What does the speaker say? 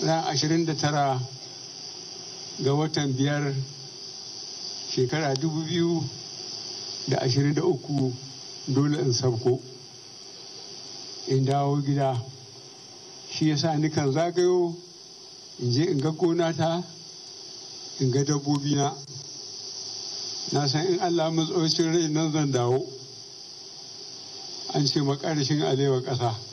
ran 29 ga watan biyar shekara 2023 dole in sabko in dawo gida shi ya yasa nikan zagayo in je in ga gona in ga dabbobi na na san in allah matsaucin rai nan zan dawo an ce makarashin alewa ƙasa